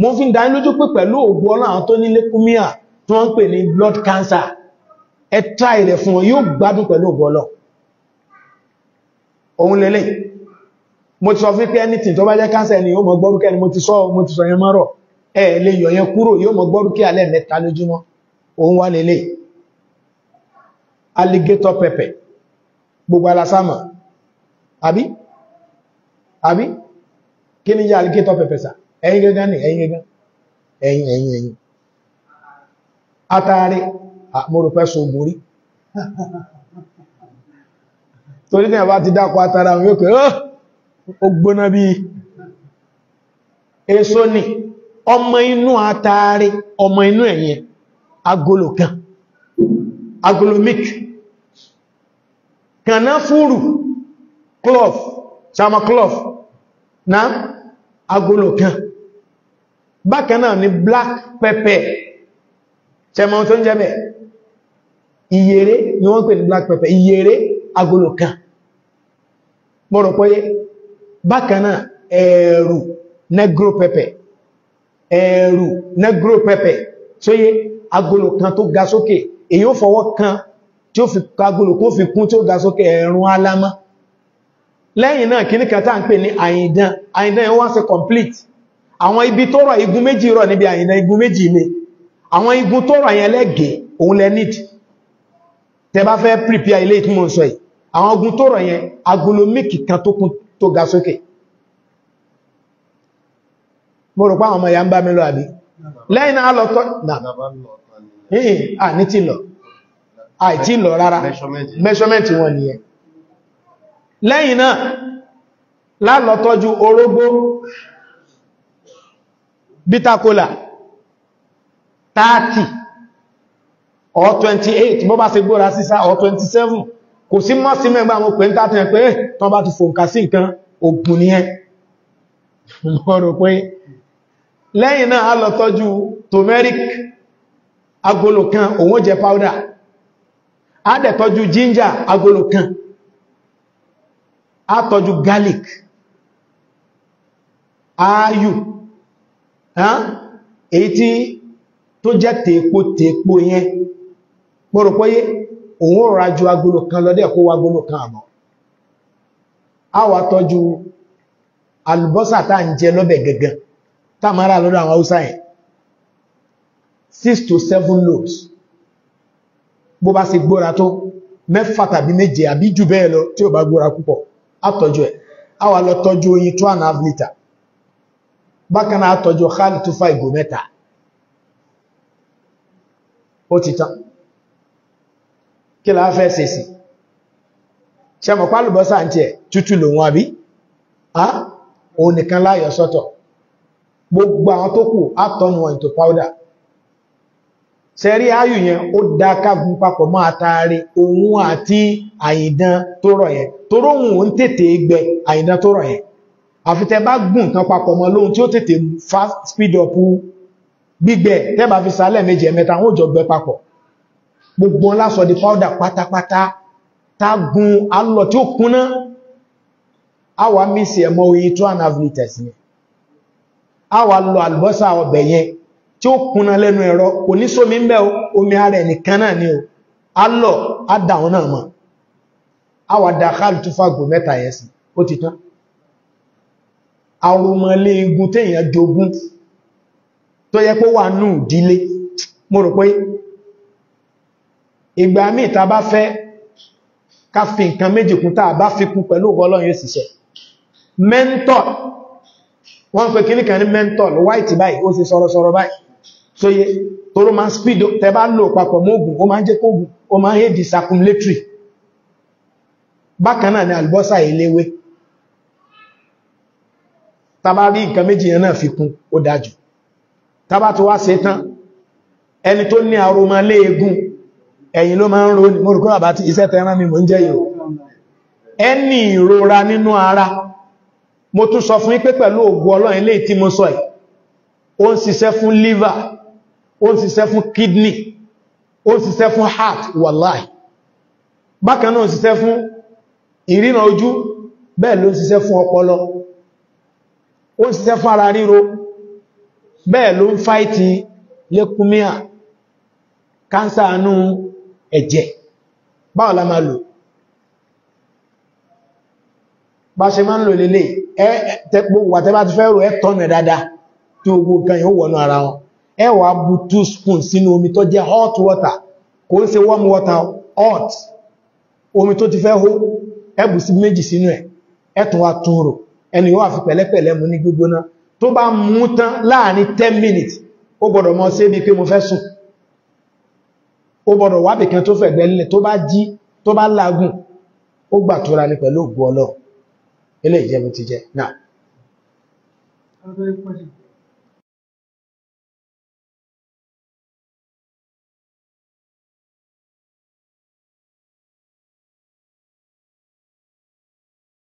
mo fi ń dá lójú pé pẹ̀lú ògbó ọlọ́run tó ní leukemia tí wọ́n ń pè ní blood cancer ẹ tra ilẹ̀ fún wọn yóò gbádùn pẹ̀lú ògbó ọlọ́ ohun lélẹ̀ mo ti sọ fún pé anything tó bá jẹ́ cancer ni yóò mọ gbọ́rúkẹ́ ni mo ti sọ mo ti sọ yẹn mọ́rọ̀ ẹ lè yọ yẹn kúrò yóò mọ gbọ́rúkẹ́ alẹ́ mẹ́ta lójúmọ́ ohun wá lélẹ̀ alligator pepper gbogbo alasama àbí àbí kí ni jẹ́ alligator pepper sáà ẹ̀yin gẹ́gẹ́ ní ẹ̀yin gẹ́gẹ́ ẹ̀yin ẹ̀yin ẹ̀yin àtàrí àmúrùpẹ́ so borí torí náà bá ti dákọ̀ àtàrà àwọn yóò pé ó gbóná bí èso ni ọmọ inú àtàrí ọmọ inú ẹ̀yìn agolo kan agolo milk kànáfùrù cloth sama cloth na agolo kan bákan náà ni black pepper ṣẹmọ tó ń jẹ́ bẹ̀ ìyèrè ni wọ́n pè ní black pepper ìyèrè agolo kan mọ́rọ̀ pọ́yé bákan náà ẹ̀rù negro pepper ẹ̀rù negro pepper tó yé agolo kan tó ga sókè èyí ó fọwọ́ kan tí ó fi agolo kó fi kún tí ó ga sókè ẹ̀rùn alámá lẹ́yìn náà kìníkà tá ń pè ní àyìndán àyìndán yẹn wá ṣe complete àwọn ibi tó rọ̀ igun méjì rọ̀ níbi àyìnà igun méjì ilé àwọn igun tó rọ̀ yẹn lẹ́gẹ̀ òun lẹ need tẹ bá fẹ́ prepare ilé ìtumọ̀ sọ yìí àwọn igun tó rọ̀ yẹn agolo méjì kan tó kún tó ga sókè mo rò pá àwọn ọmọ ìyá ń bá mi lọ àbí lẹ́yìn náà lọ tọ́ lálọ́tọ́jú orógbó bitakola 30 or 28 bó bá ṣe gbóra sísá or 27 kò sí mọ́ sí mẹ́gbà mọ́ pé ń tàbí ẹ̀ pé tán bá ti fòǹkà sí nǹkan ògùn ní ẹ mọ́rọ̀ pé lẹ́yìn náà a lọ tọ́jú turmeric agolo kan òun jẹ powder a dẹ̀ tọ́jú ginger agolo kan a tọ́jú garlic ayu. èyí tí tó jẹ́ tèèpo tèèpo yẹn mọ́rọ̀ pọ́yé òun ó ra ju agolo kan lọ́dẹ̀ kó wá agolo kan àmọ́ a wà tọ́jú àlùbọ́sà tá ń jẹ lọ́bẹ̀ gẹ́gẹ́ tá máa rà lọ́dọ̀ àwọn haúsá yẹn 6 to 7 loaves bó bá sì gbóra tó mẹ́fà tàbí méje àbí jù bẹ́ẹ̀ lọ tí ó bá gbóra púpọ̀ á tọ́jú ẹ̀ a wà lọ tọ́jú oyin 2 and bákan náà tọ́jú Khalid tó fa ìgò mẹ́ta ó ti tán kí la fẹ́ sèsì ṣẹmọ̀ pálùbọ́sà ń tiẹ̀ tútù lòun àbí á òun nìkan láyọ̀ sọ́tọ̀ gbogbo àwọn tó kù á tọ́nu wọn into powder sẹ́rí ayù yẹn ó dá kágun papọ̀ máa taari òun àti àyìndán tó rọ̀ yẹn toróhun òun tètè gbẹ àyìndán tó rọ̀ yẹn àfitẹ́ bá gùn kan papọ̀ mọ́ lóhun tí ó tètè fast speed up gbígbẹ̀ tẹ́bà fi sálẹ̀ méjì ẹ̀mẹ́ta wọ́n jọ gbẹ papọ̀ gbogbo ńlá sọ di powder pátápátá tá gùn alọ̀ tí ó kúnná a wà mísì ẹ̀mọ́ oyi 2.5 liters yẹn a wà lọ àlùbọ́sà ọbẹ̀ yẹn tí ó kúnná lẹ́nu ẹ̀rọ kò ní sómi ń bẹ omi ara ẹ̀ nìkan náà ni o alọ̀ á dà wọn náà mọ̀ a wà dà kálù tó fàgò mẹ́ta yẹn sí ó ti tán àròmọ̀lé igun téèyàn jogún tó yẹ pé wà nù dílé mo rò pé ìgbà míì ta bá fẹ́ ká fi nǹkan méjì kún tá bá fi kún pẹ̀lú ọgọ́lọ́run yóò ṣiṣẹ́ mentor wọ́n pè kíní kan ní mentor white báyìí ó sì sọ̀rọ̀sọ̀rọ̀ báyìí tó yẹ tóró máa ń speed tẹ bá lò papọ̀ mógùn ó máa ń jẹ́ kógùn ó máa ń hé disacumulatory bákan náà ni àlùbọ́sà eléwé tàbá rí nǹkan méjì yẹn náà fi kún ó dájú tàbá tó wá ṣe tán ẹni tó ní àrùmọ́ léegun ẹ̀yìn ló máa ń ro mọ́rùkú àbá tí iṣẹ́ tẹ́rán mi mò ń jẹ́ yìí ẹni ìrora nínú ara mo tún sọ fún yín pẹ̀lú ògo Ọlọ́run ilé tí mo sọ yìí ó ń ṣiṣẹ́ fún liver ó ń ṣiṣẹ́ fún kidney ó ń ṣiṣẹ́ fún heart wàláì bákan náà ó ń ṣiṣẹ́ fún ìrìnà ojú bẹ́ẹ̀ ló ń ṣiṣẹ́ fún ọpọlọ ó si ṣiṣẹ́ fún ara ríro bẹ́ẹ̀ ló ń fáìtì lẹ́kúnmíà kánsà anú ẹ̀jẹ̀ báwọn la lò bá ṣe máa ń lò lélẹ̀ wà tẹ́ bá ti fẹ́ rò ẹ́ tọ́nù tí ara wọn ẹ two spoon sínú omi tó jẹ́ hot water kò ń warm water hot omi tó ti fẹ́ hó ẹ bù sí méjì sínú ẹni yóò wà fi pẹ̀lẹ́pẹ̀lẹ́ mú ní gbígbóná tó bá mú tán láàrin 10 minutes ó gbọ́dọ̀ mọ́ sí ibi pé mo fẹ́ sùn ó gbọ́dọ̀ wá bìkan tó fẹ̀gbẹ́ nílẹ̀ tó bá jí tó bá lágùn ó gbà tó ra ní pẹ̀lú ilé ti jẹ́ náà